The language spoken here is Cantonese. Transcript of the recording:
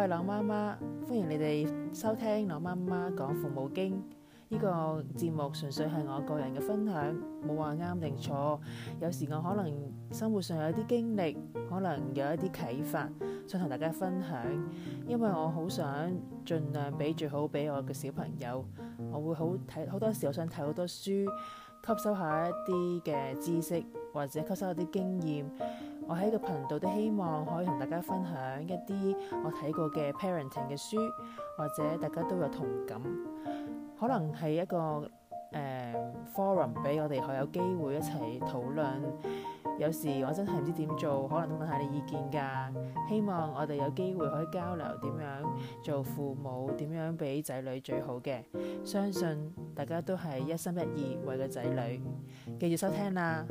我係朗媽媽，歡迎你哋收聽朗媽媽講父母經。呢個節目純粹係我個人嘅分享，冇話啱定錯。有時我可能生活上有啲經歷，可能有一啲啟發，想同大家分享。因為我好想盡量俾最好俾我嘅小朋友。我會好睇，好多時，我想睇好多書，吸收下一啲嘅知識，或者吸收一啲經驗。我喺個頻道都希望可以同大家分享一啲我睇過嘅 parenting 嘅書，或者大家都有同感，可能係一個誒、呃、forum 俾我哋可以有機會一齊討論。有時我真係唔知點做，可能都問下你意見噶。希望我哋有機會可以交流點樣做父母，點樣俾仔女最好嘅。相信大家都係一心一意為個仔女。記住收聽啦。